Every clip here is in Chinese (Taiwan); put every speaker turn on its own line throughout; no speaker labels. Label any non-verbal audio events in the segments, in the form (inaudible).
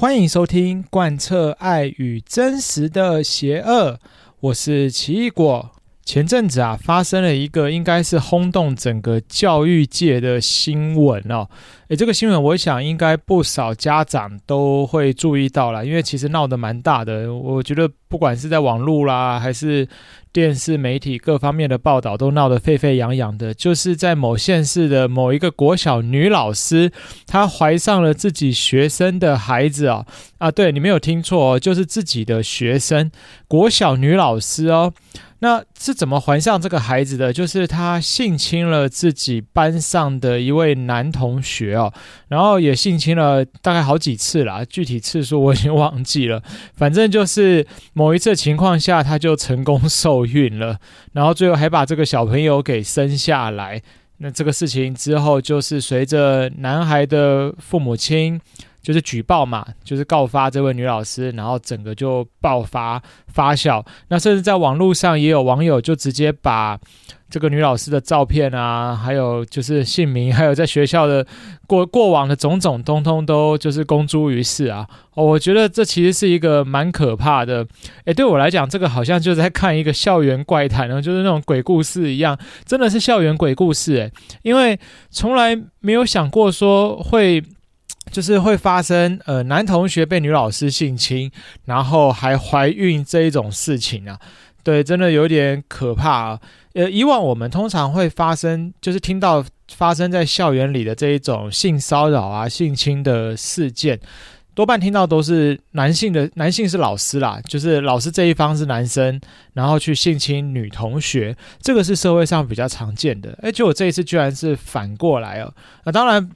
歡迎收聽《貫徹愛與真實的邪惡》，我是奇異果。前陣子啊，發生了一個應該是轟動整個教育界的新聞哦。誒，這個新聞我想應該不少家長都會注意到了，因為其實鬧得蠻大的。我覺得。不管是在網絡啦，還是電視媒體，各方面的報道，都鬧得沸沸揚揚的。就是在某縣市的某一個國小女老師，她懷上了自己學生的孩子、喔、啊啊！對你沒有聽錯、喔，就是自己的學生國小女老師哦、喔。那是怎麼懷上這個孩子的？就是她性侵了自己班上的一位男同學哦、喔，然後也性侵了大概好幾次啦。具體次數我已經忘記了，反正就是。某一次情況下，他就成功受孕了，然後最後還把這個小朋友給生下來。那這個事情之後，就是隨着男孩的父母親。就是舉報嘛，就是告發這位女老師，然後整個就爆發發酵。那甚至在網絡上也有網友就直接把這個女老師的照片啊，還有就是姓名，還有在學校的過過往的種種，通通都就是公諸於世啊。哦，我覺得這其實是一個蠻可怕的。誒，對我來講，這個好像就是在看一個校園怪談，然後就是那種鬼故事一樣，真的是校園鬼故事欸。誒，因為從來沒有想過說會。就是會發生呃男同學被女老師性侵，然後還懷孕這一種事情啊，對，真的有點可怕、啊、呃，以往我們通常會發生，就是聽到發生在校園裡的這一種性騷擾啊、性侵的事件，多半聽到都是男性的，男性是老師啦，就是老師這一方是男生，然後去性侵女同學，這個是社會上比較常見的。哎，結果這一次居然是反過來哦，那、呃、當然。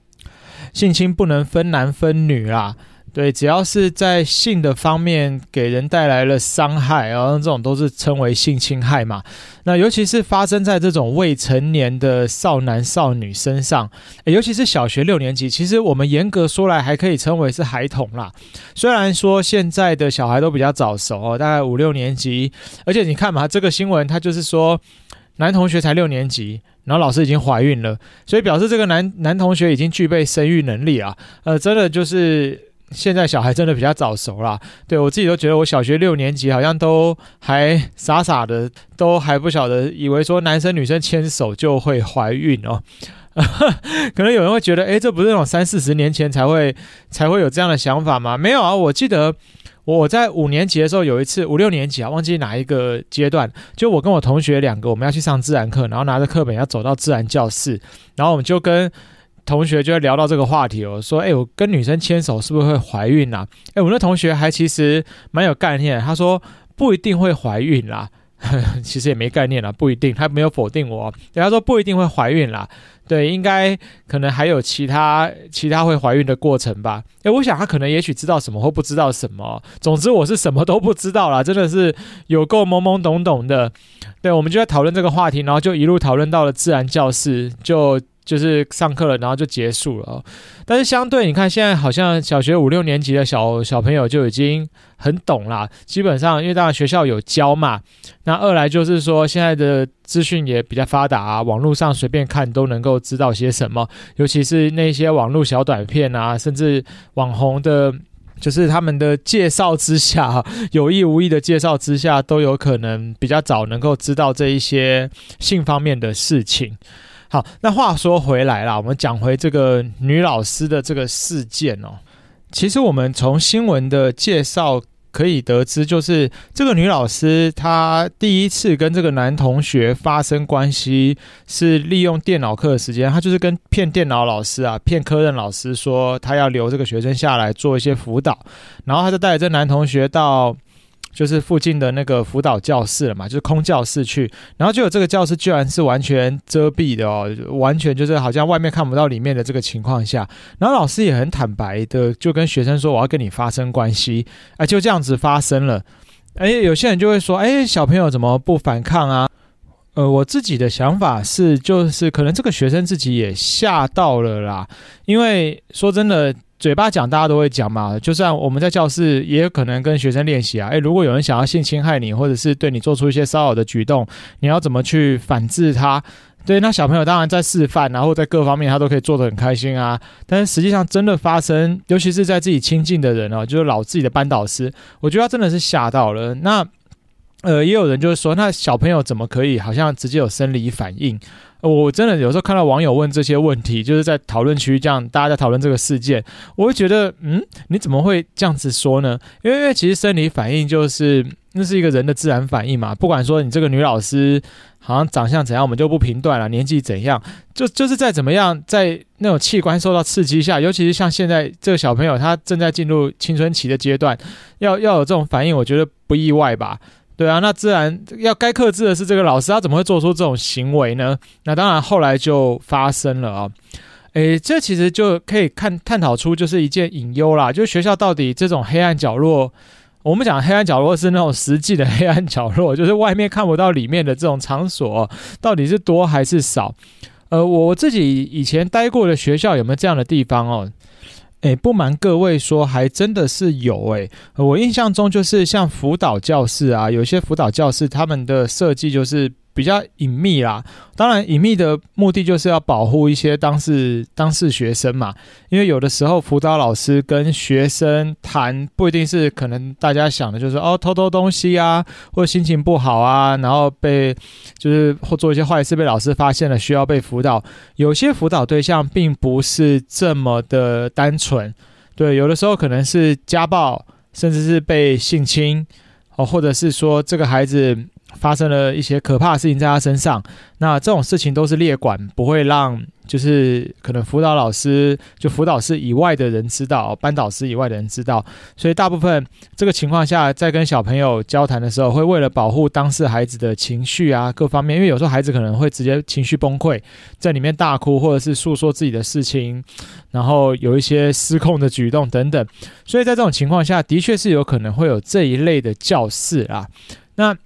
性侵不能分男分女啦、啊，對，只要是在性的方面給人帶來了傷害，然後、哦、這種都是稱為性侵害嘛。那尤其是發生在這種未成年的少男少女身上，尤其是小學六年級，其實我們嚴格說來還可以稱為是孩童啦。雖然說現在的小孩都比較早熟、哦，大概五六年級，而且你看嘛，這個新聞它就是說。男同學才六年級，然後老師已經懷孕了，所以表示這個男男同學已經具備生育能力啊。呃，真的就是現在小孩真的比較早熟啦。對，我自己都覺得，我小學六年級好像都還傻傻的，都還不曉得，以為說男生女生牽手就會懷孕哦。 (laughs) 可能有人會覺得，誒，這不是那種三四十年前才會才會有這樣的想法嗎？沒有啊，我記得。我，我在五年級的時候有一次，五六年級啊，忘記哪一個階段。就我跟我同學兩個，我們要去上自然課，然後拿着課本要走到自然教室，然後我們就跟同學就會聊到這個話題，我說：“哎、欸，我跟女生牽手是不是會懷孕吶、啊？”哎、欸，我那同學還其實蠻有概念，他說：“不一定會懷孕啦、啊。” (laughs) 其實也沒概念啦，不一定，他沒有否定我。他說不一定會懷孕啦，對，應該可能還有其他其他會懷孕的過程吧。哎，我想他可能也許知道什麼或不知道什麼，總之我是什麼都不知道啦，真的是有夠懵懵懂懂的。對，我們就在討論這個話題，然後就一路討論到了自然教室，就。就是上課了，然後就結束了。但是相對你看，現在好像小學五六年級的小小朋友就已經很懂啦。基本上，因為當然學校有教嘛。那二來就是說，現在的資訊也比較發達啊，網絡上隨便看都能夠知道些什麼。尤其是那些網絡小短片啊，甚至網紅的，就是他們的介紹之下，有意無意的介紹之下，都有可能比較早能夠知道這一些性方面的事情。好，那話說回來啦，我們講回這個女老師的這個事件哦。其實我們從新聞的介紹可以得知，就是這個女老師她第一次跟這個男同學發生關係，是利用電腦課的時間，她就是跟騙電腦老師啊，騙科任老師說她要留這個學生下來做一些輔導，然後她就帶着這男同學到。就是附近的那個輔導教室了嘛，就是空教室去，然後就有這個教室居然是完全遮蔽的哦，完全就是好像外面看不到裡面的這個情況下，然後老師也很坦白的就跟學生說，我要跟你發生關係，啊、哎、就這樣子發生了，誒、哎，有些人就會說，哎，小朋友怎麼不反抗啊？呃，我自己的想法是就是可能這個學生自己也嚇到了啦，因為說真的。嘴巴講大家都會講嘛，就算我們在教室也有可能跟學生練習啊。誒、欸，如果有人想要性侵害你，或者是對你做出一些騷擾的舉動，你要怎麼去反制他？對，那小朋友當然在示範、啊，然後在各方面他都可以做得很開心啊。但實際上真的發生，尤其是在自己親近的人哦、啊，就是老自己的班導師，我覺得他真的是嚇到了。那呃，也有人就是說，那小朋友怎麼可以好像直接有生理反應？我真的有時候看到網友問這些問題，就是在討論區這樣，大家在討論這個事件，我會覺得，嗯，你怎麼會這樣子說呢？因為其實生理反應就是那是一個人的自然反應嘛，不管說你這個女老師好像長相怎樣，我們就不評斷了，年紀怎樣，就就是再怎麼樣，在那種器官受到刺激下，尤其是像現在這個小朋友，他正在進入青春期的階段，要要有這種反應，我覺得不意外吧。對啊，那自然要該克制的是這個老師，他怎麼會做出這種行為呢？那當然，後來就發生了啊、哦。誒，這其實就可以看探討出，就是一件隱憂啦。就是學校到底這種黑暗角落，我們講黑暗角落是那種實際的黑暗角落，就是外面看不到裡面的這種場所、哦，到底是多還是少？呃，我自己以前待過的學校有沒有這樣的地方哦？哎、欸，不瞞各位說，還真的是有哎、欸。我印象中就是像輔導教室啊，有些輔導教室他們的設計就是。比較隱秘啦，當然隱秘的目的就是要保護一些當事當事學生嘛，因為有的時候輔導老師跟學生談，不一定是可能大家想的，就是哦偷偷東西啊，或心情不好啊，然後被就是或做一些壞事被老師發現了需要被輔導，有些輔導對象並不是這麼的單純。對，有的時候可能是家暴，甚至是被性侵，哦，或者是說這個孩子。發生了一些可怕的事情在他身上，那這種事情都是列管，不會讓就是可能輔導老師，就輔導室以外的人知道，班導師以外的人知道，所以大部分這個情況下，在跟小朋友交談的時候，會為了保護當事孩子的情緒啊，各方面，因為有時候孩子可能會直接情緒崩潰，在裡面大哭，或者是訴說自己的事情，然後有一些失控的舉動等等，所以在這種情況下的確是有可能會有這一類的教室啊，那。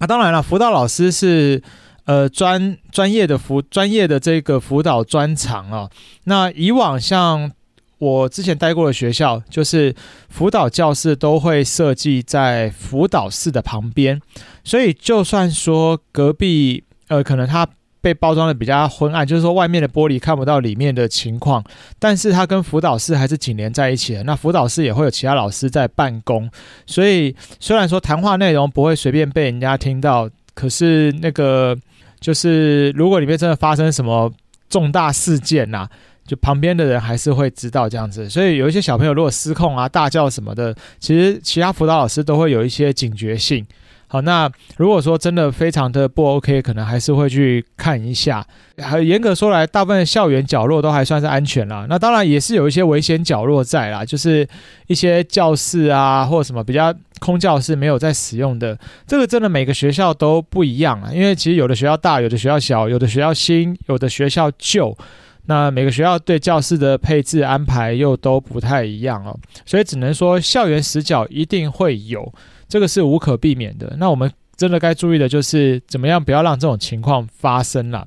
那、啊、當然了，輔導老師是呃專專業的輔專業的這個輔導專長啊。那以往像我之前待過的學校，就是輔導教室都會設計在輔導室的旁邊，所以就算說隔壁呃可能他。被包裝得比較昏暗，就是說外面的玻璃看不到裡面的情況，但是它跟輔導室還是緊連在一起的。那輔導室也會有其他老師在辦公，所以雖然說談話內容不會隨便被人家聽到，可是那個就是如果裡面真的發生什麼重大事件吶、啊，就旁邊的人還是會知道這樣子。所以有一些小朋友如果失控啊、大叫什麼的，其實其他輔導老師都會有一些警覺性。好，那如果說真的非常的不 OK，可能還是會去看一下。還嚴格說來，大部分校園角落都還算是安全啦。那當然也是有一些危險角落在啦，就是一些教室啊，或者什麼比較空教室沒有在使用的。這個真的每個學校都不一樣啊，因為其實有的學校大，有的學校小，有的學校新，有的學校舊。那每個學校對教室的配置安排又都不太一樣哦，所以只能說校園死角一定會有。這個是無可避免的。那我們真的該注意的就是怎麼樣不要讓這種情況發生啦啊。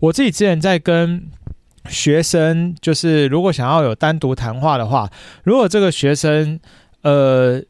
我自己之前在跟學生，就是如果想要有單獨談話的話，如果這個學生，呃。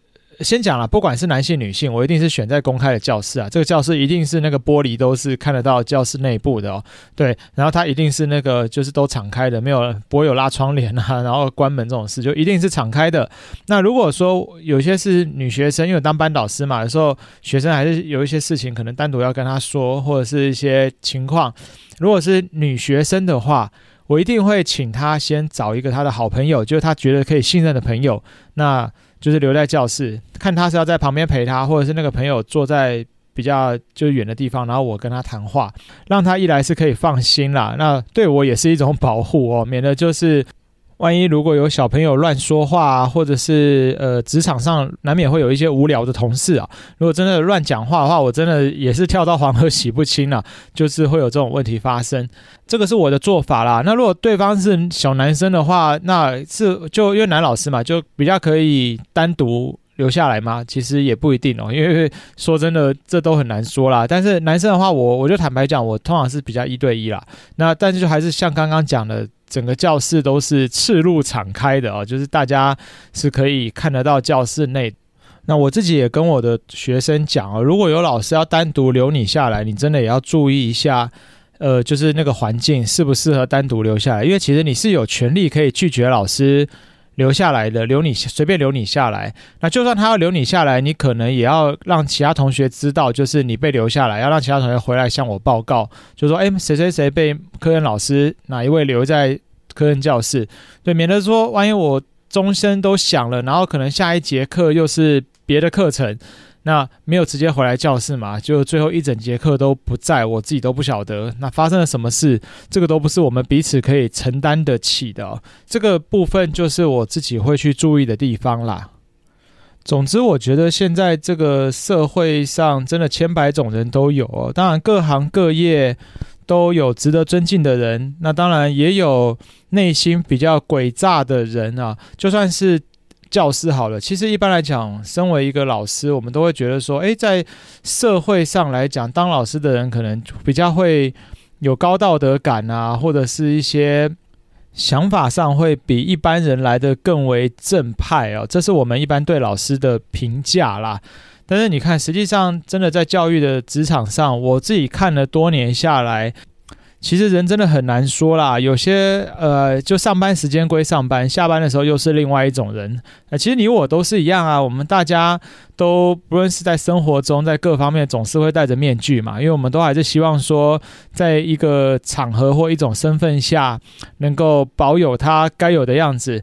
先講了啊，不管是男性、女性，我一定是選在公開的教室啊。這個教室一定是那個玻璃都是看得到教室內部的哦。對，然後它一定是那個就是都敞開的，沒有不會有拉窗簾啊，然後關門這種事，就一定是敞開的。那如果說有些是女學生，因為當班導師嘛，有時候學生還是有一些事情可能單獨要跟他說，或者是一些情況。如果是女學生的話，我一定會請她先找一個她的好朋友，就是她覺得可以信任的朋友。那就是留在教室，看他是要在旁邊陪他，或者是那個朋友坐在比較就遠的地方，然後我跟他談話，讓他一來是可以放心啦。那對我也是一種保護哦，免得就是。萬一如果有小朋友亂說話，或者是呃職場上難免會有一些無聊的同事啊，如果真的亂講話的話，我真的也是跳到黃河洗不清了啊，就是會有這種問題發生。這個是我的做法啦。那如果對方是小男生的話，那是就因為男老師嘛，就比較可以單獨留下來嘛。其實也不一定哦，因為說真的，這都很難說啦。但是男生的話，我我就坦白講，我通常是比較一對一啦。那但是就還是像剛剛講的。整個教室，都是赤露敞開的啊、哦，就是大家是可以看得到教室內。那我自己也跟我的學生講啊、哦，如果有老師要單獨留你下來，你真的也要注意一下，呃，就是那個環境適不適合單獨留下來，因為其實你是有權利可以拒絕老師。留下來的，留你隨便留你下來。那就算他要留你下來，你可能也要讓其他同學知道，就是你被留下來，要讓其他同學回來向我報告，就說：哎、欸，誰誰誰被科任老師哪一位留在科任教室？對，免得說萬一我鐘聲都響了，然後可能下一節課又是別的課程。那沒有直接回來教室嘛。就最後一整節課都不在，我自己都不曉得那發生了什麼事。這個都不是我們彼此可以承擔得起的哦。這個部分就是我自己會去注意的地方啦。總之，我覺得現在這個社會上真的千百種人都有哦，當然各行各業都有值得尊敬的人，那當然也有內心比較詭詐的人啊。就算是。教師好了，其實一般來講，身為一個老師，我們都會覺得說，誒，在社會上來講，當老師的人可能比較會有高道德感啊，或者是一些想法上會比一般人來得更為正派啊，這是我們一般對老師的評價啦。但是你看，實際上真的在教育的職場上，我自己看了多年下來。其實人真的很難說啦，有些呃，就上班時間歸上班，下班的時候又是另外一種人。那、呃、其實你我都是一樣啊，我們大家都不論是在生活中，在各方面總是會戴着面具嘛，因為我們都還是希望說，在一個場合或一種身份下，能夠保有他該有的樣子。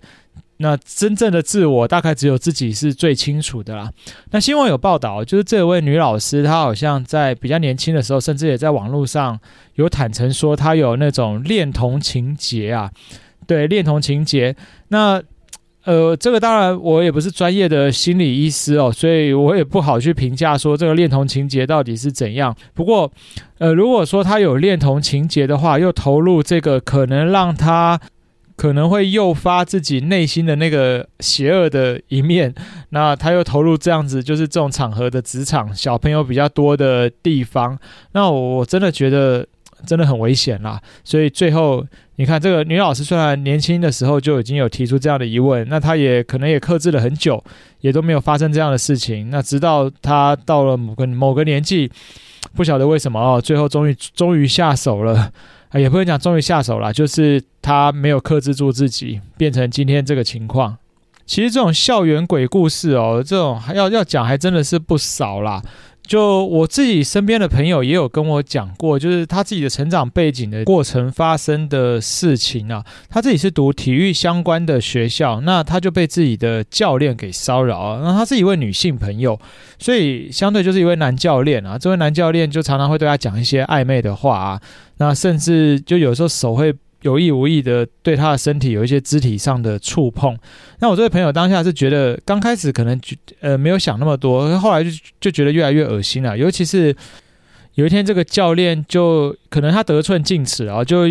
那真正的自我大概只有自己是最清楚的啦。那新聞有報道，就是這位女老師，她好像在比較年輕的時候，甚至也在網絡上有坦誠說她有那種戀童情結啊。對，戀童情結。那呃，這個當然我也不是專業的心理醫師哦，所以我也不好去評價說這個戀童情結到底是怎樣。不過，呃，如果說她有戀童情結的話，又投入這個，可能讓她。可能會誘發自己內心的那個邪惡的一面，那他又投入這樣子，就是這種場合的職場，小朋友比較多的地方，那我真的覺得真的很危險啦。所以最後，你看這個女老師，雖然年輕的時候就已經有提出這樣的疑問，那她也可能也克制了很久，也都沒有發生這樣的事情。那直到她到了某個某個年紀，不曉得為什麼哦，最後終於終於下手了，也不能講終於下手了，就是。他沒有克制住自己，變成今天這個情況。其實這種校園鬼故事哦，這種要要講還真的是不少啦。就我自己身邊的朋友也有跟我講過，就是他自己的成長背景的過程發生的事情啊。他自己是讀體育相關的學校，那他就被自己的教練給騷擾。那他是一位女性朋友，所以相對就是一位男教練啊。這位男教練就常常會對他講一些曖昧的話啊，那甚至就有時候手會。有意無意的對他的身體有一些肢體上的觸碰，那我這位朋友當下是覺得剛開始可能就呃沒有想那麼多，後來就就覺得越來越惡心了。尤其是有一天，這個教練就可能他得寸進尺啊，就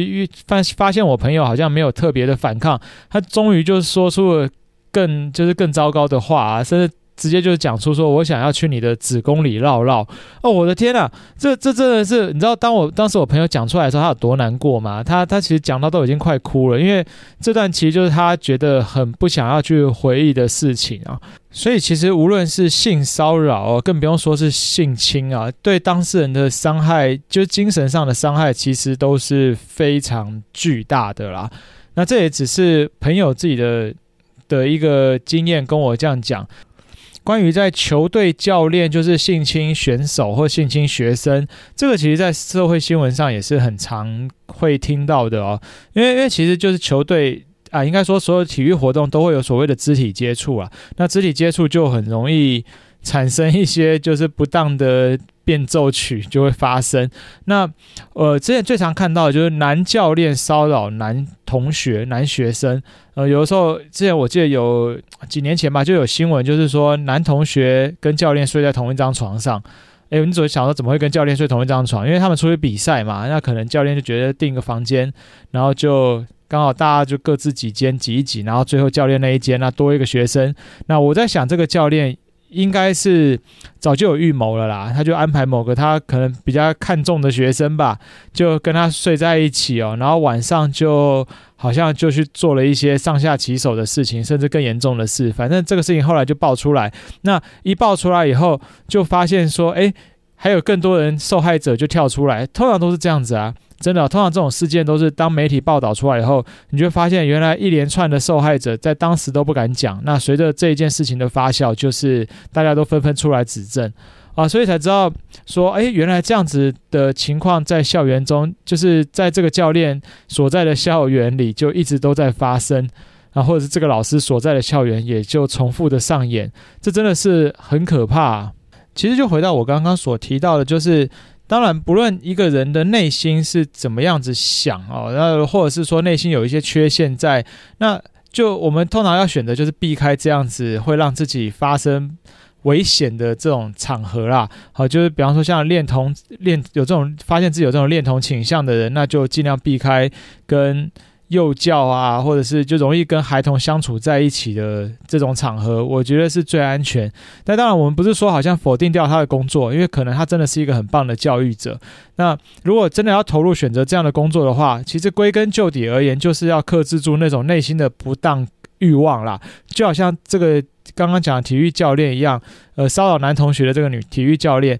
發發現我朋友好像沒有特別的反抗，他終於就說出了更就是更糟糕的話，啊，甚至。直接就講出說，我想要去你的子宮裡繞繞哦！我的天啊，這這真的是你知道，當我當時我朋友講出來的時候，他有多難過嗎？他他其實講到都已經快哭了，因為這段其實就是他覺得很不想要去回憶的事情啊。所以其實無論是性騷擾啊，更不用說是性侵啊，對當事人的傷害，就是精神上的傷害，其實都是非常巨大的啦。那這也只是朋友自己的的一個經驗，跟我這樣講。關於在球隊教練，就是性侵選手或性侵學生，這個其實在社會新聞上也是很常會聽到的哦。因為因為其實就是球隊啊，應該說所有體育活動都會有所謂的肢體接觸啊，那肢體接觸就很容易產生一些就是不當的。變奏曲就會發生。那，呃，之前最常看到的就是男教練騷擾男同學、男學生。呃，有的時候，之前我記得有幾年前吧，就有新聞，就是說男同學跟教練睡在同一張床上。誒、欸，你總會想說，怎麼會跟教練睡同一張床？因為他們出去比賽嘛，那可能教練就覺得訂個房間，然後就剛好大家就各自幾間擠一擠，然後最後教練那一間那多一個學生。那我在想這個教練。應該是早就有預謀了啦，他就安排某個他可能比較看重的學生吧，就跟他睡在一起哦，然後晚上就好像就去做了一些上下其手的事情，甚至更嚴重的事。反正這個事情後來就爆出來，那一爆出來以後，就發現說，哎，還有更多人受害者就跳出來，通常都是這樣子啊。真的啊，通常這種事件都是當媒體報道出來以後，你就發現原來一連串的受害者在當時都不敢講。那隨着這一件事情的發酵，就是大家都紛紛出來指證啊，所以才知道說，誒，原來這樣子的情況在校園中，就是在這個教練所在的校園裡就一直都在發生，然後啊，或者是這個老師所在的校園也就重複的上演。這真的是很可怕啊。其實就回到我剛剛所提到的，就是。當然，不論一個人的內心是怎麼樣子想哦，那或者是說內心有一些缺陷在，那就我們通常要選擇就是避開這樣子會讓自己發生危險的這種場合啦。好，就是比方說像戀童戀，有這種，發現自己有這種戀童傾向的人，那就盡量避開跟。幼教啊，或者是就容易跟孩童相處在一起的這種場合，我覺得是最安全。但當然，我們不是說好像否定掉他的工作，因為可能他真的是一個很棒的教育者。那如果真的要投入選擇這樣的工作的話，其實歸根究底而言，就是要克制住那種內心的不當慾望啦。就好像這個剛剛講的體育教練一樣，呃，騷擾男同學的這個女體育教練。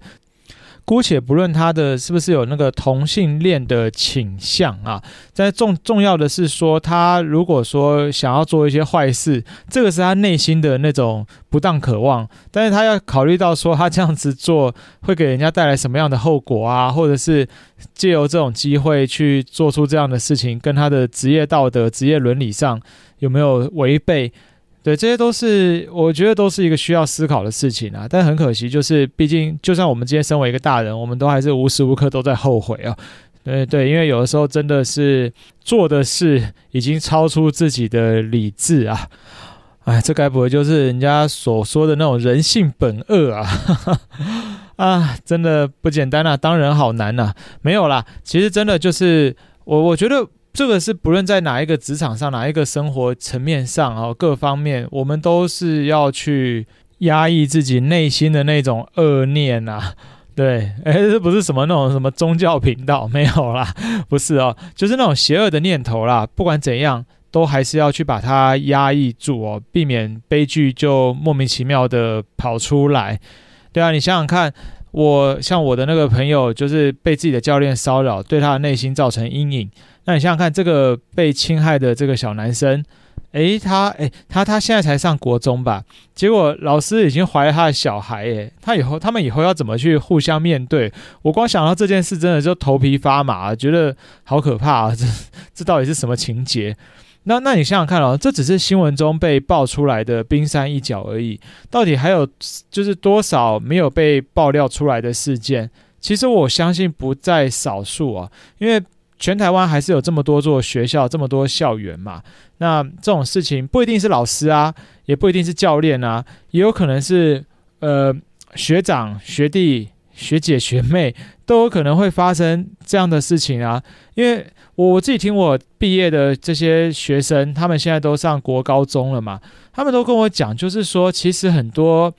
姑且不論他的是不是有那個同性戀的傾向啊，但是重重要的是說，他如果說想要做一些壞事，這個是他內心的那種不當渴望，但是他要考慮到說，他這樣子做會給人家帶來什麼樣的後果啊，或者是借由這種機會去做出這樣的事情，跟他的職業道德、職業倫理上有沒有違背？對，這些都是我覺得都是一個需要思考的事情啊。但很可惜，就是畢竟，就算我們今天身為一個大人，我們都還是無時無刻都在後悔啊。對對，因為有的時候真的是做的事已經超出自己的理智啊。哎，這該不會就是人家所說的那種人性本惡啊？呵呵啊，真的不簡單啊，當人好難吶，啊。沒有啦，其實真的就是我，我覺得。這個是不論在哪一個職場上、哪一個生活層面上哦，各方面，我們都是要去壓抑自己內心的那種惡念呐，啊。對，哎，這不是什麼那種什麼宗教頻道，沒有啦，不是哦，就是那種邪惡的念頭啦。不管怎樣，都還是要去把它壓抑住哦，避免悲劇就莫名其妙的跑出來。對啊，你想想看。我像我的那個朋友，就是被自己的教練騷擾，對他的內心造成陰影。那你想想看，這個被侵害的這個小男生，誒，他，誒他，他，他現在才上國中吧？結果老師已經懷了他的小孩，誒，他以後，他們以後要怎麼去互相面對？我光想到這件事，真的就頭皮發麻，覺得好可怕啊！這這到底是什麼情節？那那你想想看哦，這只是新聞中被爆出來的冰山一角而已，到底還有就是多少沒有被爆料出來的事件？其實我相信不在少數啊，因為全台灣還是有這麼多座學校、這麼多校園嘛。那這種事情不一定是老師啊，也不一定是教練啊，也有可能是，呃，學長、學弟。學姐學妹都有可能會發生這樣的事情啊，因為我我自己聽我畢業的這些學生，他們現在都上國高中了嘛，他們都跟我講，就是說其實很多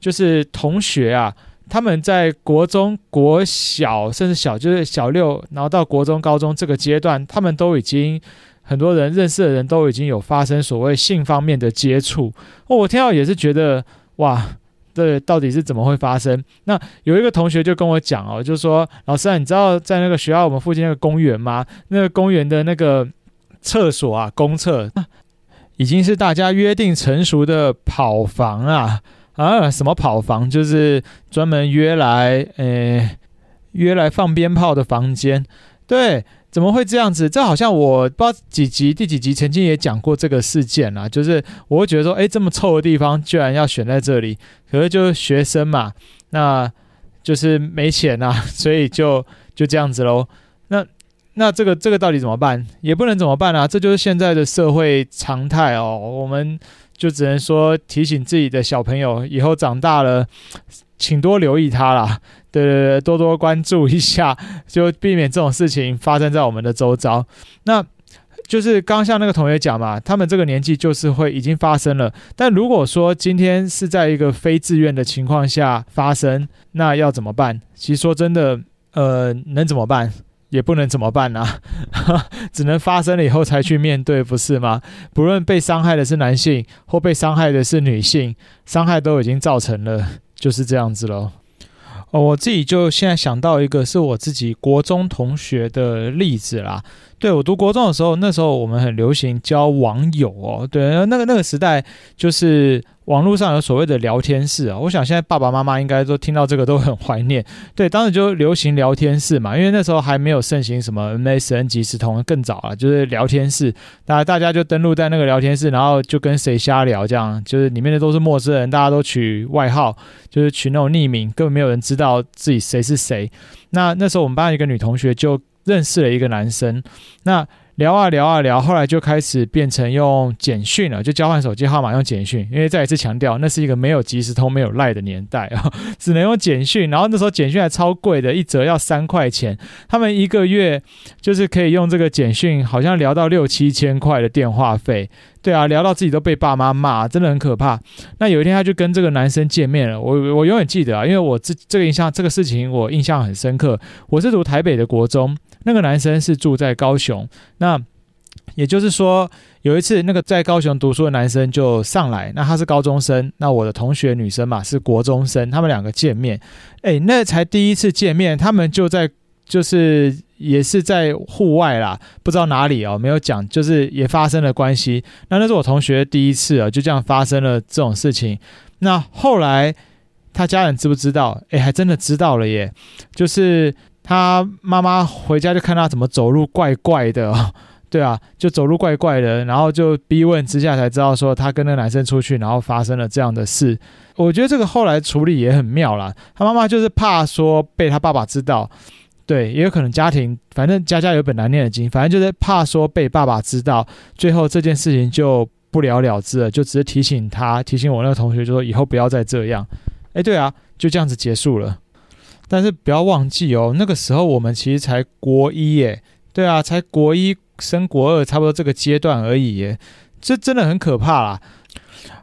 就是同學啊，他們在國中、國小甚至小，就是小六，然後到國中、高中這個階段，他們都已經很多人認識的人都已經有發生所謂性方面的接觸。我聽到也是覺得哇。這到底是怎麼會發生？那有一個同學就跟我講哦，就說，老師啊，你知道在那個學校我們附近那個公園嗎？那個公園的那個廁所啊，公廁已經是大家約定成熟的跑房啊啊！什麼跑房？就是專門約來誒、呃，約來放鞭炮的房間，對。怎麼會這樣子？這好像我不知道幾集第幾集曾經也講過這個事件啦、啊，就是我會覺得說，誒，這麼臭的地方居然要選在這裡，可是就是學生嘛，那就是沒錢啦、啊，所以就就這樣子嘍。那那這個這個到底怎麼辦？也不能怎麼辦啊，這就是現在的社會常態哦。我們就只能說提醒自己的小朋友，以後長大了，請多留意他啦。對對對，多多關注一下，就避免這種事情發生在我們的周遭。那就是剛像那個同學講嘛，他們這個年紀就是會已經發生了。但如果說今天是在一個非自願的情況下發生，那要怎麼辦？其實說真的，呃，能怎麼辦？也不能怎麼辦吶、啊， (laughs) 只能發生了以後才去面對，不是嗎？不論被傷害的是男性或被傷害的是女性，傷害都已經造成了，就是這樣子咯。哦，我自己就現在想到一個是我自己國中同學的例子啦。對，我讀國中的時候，那時候我們很流行交網友哦。對，那個那個時代就是網絡上有所謂的聊天室啊、哦。我想現在爸爸媽媽應該都聽到這個都很懷念。對，當時就流行聊天室嘛，因為那時候還沒有盛行什麼 MSN 即時通，更早啊，就是聊天室。那大家就登錄在那個聊天室，然後就跟誰瞎聊，這樣就是裡面的都是陌生人，大家都取外號，就是取那種匿名，根本沒有人知道自己誰是誰。那那時候我們班一個女同學就。認識了一個男生，那聊啊聊啊聊，後來就開始變成用簡訊了，就交換手機號碼用簡訊。因為再一次強調，那是一個沒有即時通、沒有 LINE 的年代啊，只能用簡訊。然後那時候簡訊還超貴的，一則要三塊錢。他們一個月就是可以用這個簡訊，好像聊到六七千塊的電話費。對啊，聊到自己都被爸媽罵，真的很可怕。那有一天他就跟這個男生見面了。我我永遠記得啊，因為我這這個印象，這個事情我印象很深刻。我是讀台北的國中。那個男生是住在高雄，那也就是說，有一次那個在高雄讀書的男生就上來，那他是高中生，那我的同學女生嘛是國中生，他們兩個見面，誒，那才第一次見面，他們就在就是也是在戶外啦，不知道哪裡哦，沒有講，就是也發生了關係。那那是我同學第一次啊，就這樣發生了這種事情。那後來他家人知不知道？誒，還真的知道了耶，就是。他媽媽回家就看他怎麼走路怪怪的，對啊，就走路怪怪的，然後就逼問之下才知道說他跟那個男生出去，然後發生了這樣的事。我覺得這個後來處理也很妙啦。他媽媽就是怕說被他爸爸知道，對，也有可能家庭，反正家家有本難念的經，反正就是怕說被爸爸知道，最後這件事情就不了了之了，就只是提醒他，提醒我那個同學就說以後不要再這樣，哎，對啊，就這樣子結束了。但是不要忘記哦，那個時候我們其實才國一耶，對啊，才國一升國二，差不多這個階段而已耶，這真的很可怕啦。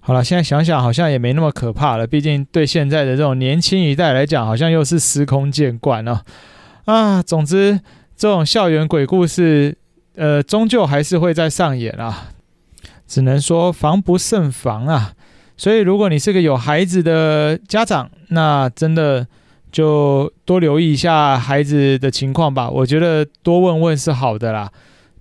好了，現在想想好像也沒那麼可怕了，畢竟對現在的這種年輕一代來講，好像又是司空見慣哦、啊。啊，總之這種校園鬼故事，呃，終究還是會再上演啊，只能說防不勝防啊。所以如果你是個有孩子的家長，那真的。就多留意一下孩子的情況吧，我覺得多問問是好的啦。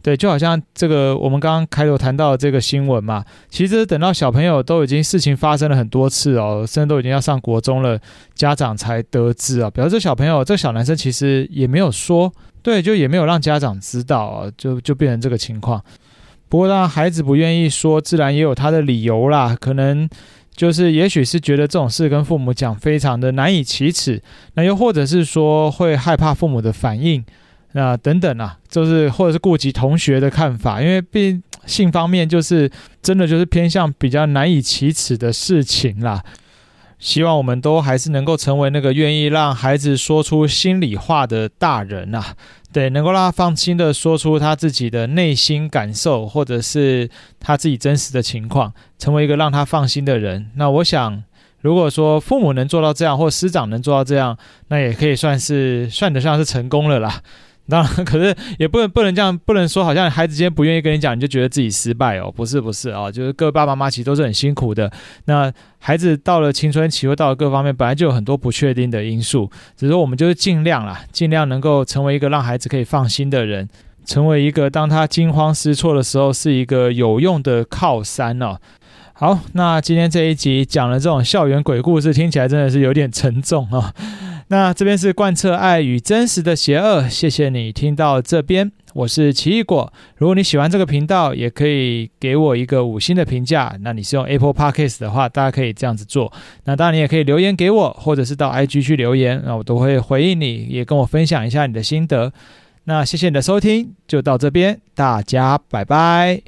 對，就好像這個我們剛剛開頭談到的這個新聞嘛，其實等到小朋友都已經事情發生了很多次哦，甚至都已經要上國中了，家長才得知啊。比如說這小朋友這小男生，其實也沒有說，對，就也沒有讓家長知道啊、哦，就就變成這個情況。不過讓孩子不願意說，自然也有他的理由啦，可能。就是，也許是覺得這種事跟父母講非常的難以啟齒，那又或者是說會害怕父母的反應，那、呃、等等啊，就是或者是顧及同學的看法，因為畢竟性方面就是真的就是偏向比較難以啟齒的事情啦。希望我們都還是能夠成為那個願意讓孩子說出心裡話的大人啊。對，能夠讓他放心的說出他自己的內心感受，或者是他自己真實的情況，成為一個讓他放心的人。那我想，如果說父母能做到這樣，或師長能做到這樣，那也可以算是算得上是成功了啦。當然，可是也不能不能這樣，不能說好像孩子今天不願意跟你講，你就覺得自己失敗哦。不是不是啊、哦，就是各位爸爸媽媽其實都是很辛苦的。那孩子到了青春期，又到了各方面本來就有很多不確定的因素，只是我們就是盡量啦，盡量能夠成為一個讓孩子可以放心的人，成為一個當他驚慌失措的時候是一個有用的靠山哦。好，那今天這一集講了這種校園鬼故事，聽起來真的是有點沉重啊、哦。那這邊是貫徹愛與真實的邪惡，謝謝你聽到這邊，我是奇異果。如果你喜歡這個頻道，也可以給我一個五星的評價。那你是用 Apple Podcasts 的話，大家可以這樣子做。那當然你也可以留言給我，或者是到 IG 去留言，那我都會回應你，也跟我分享一下你的心得。那謝謝你的收聽，就到這邊，大家拜拜。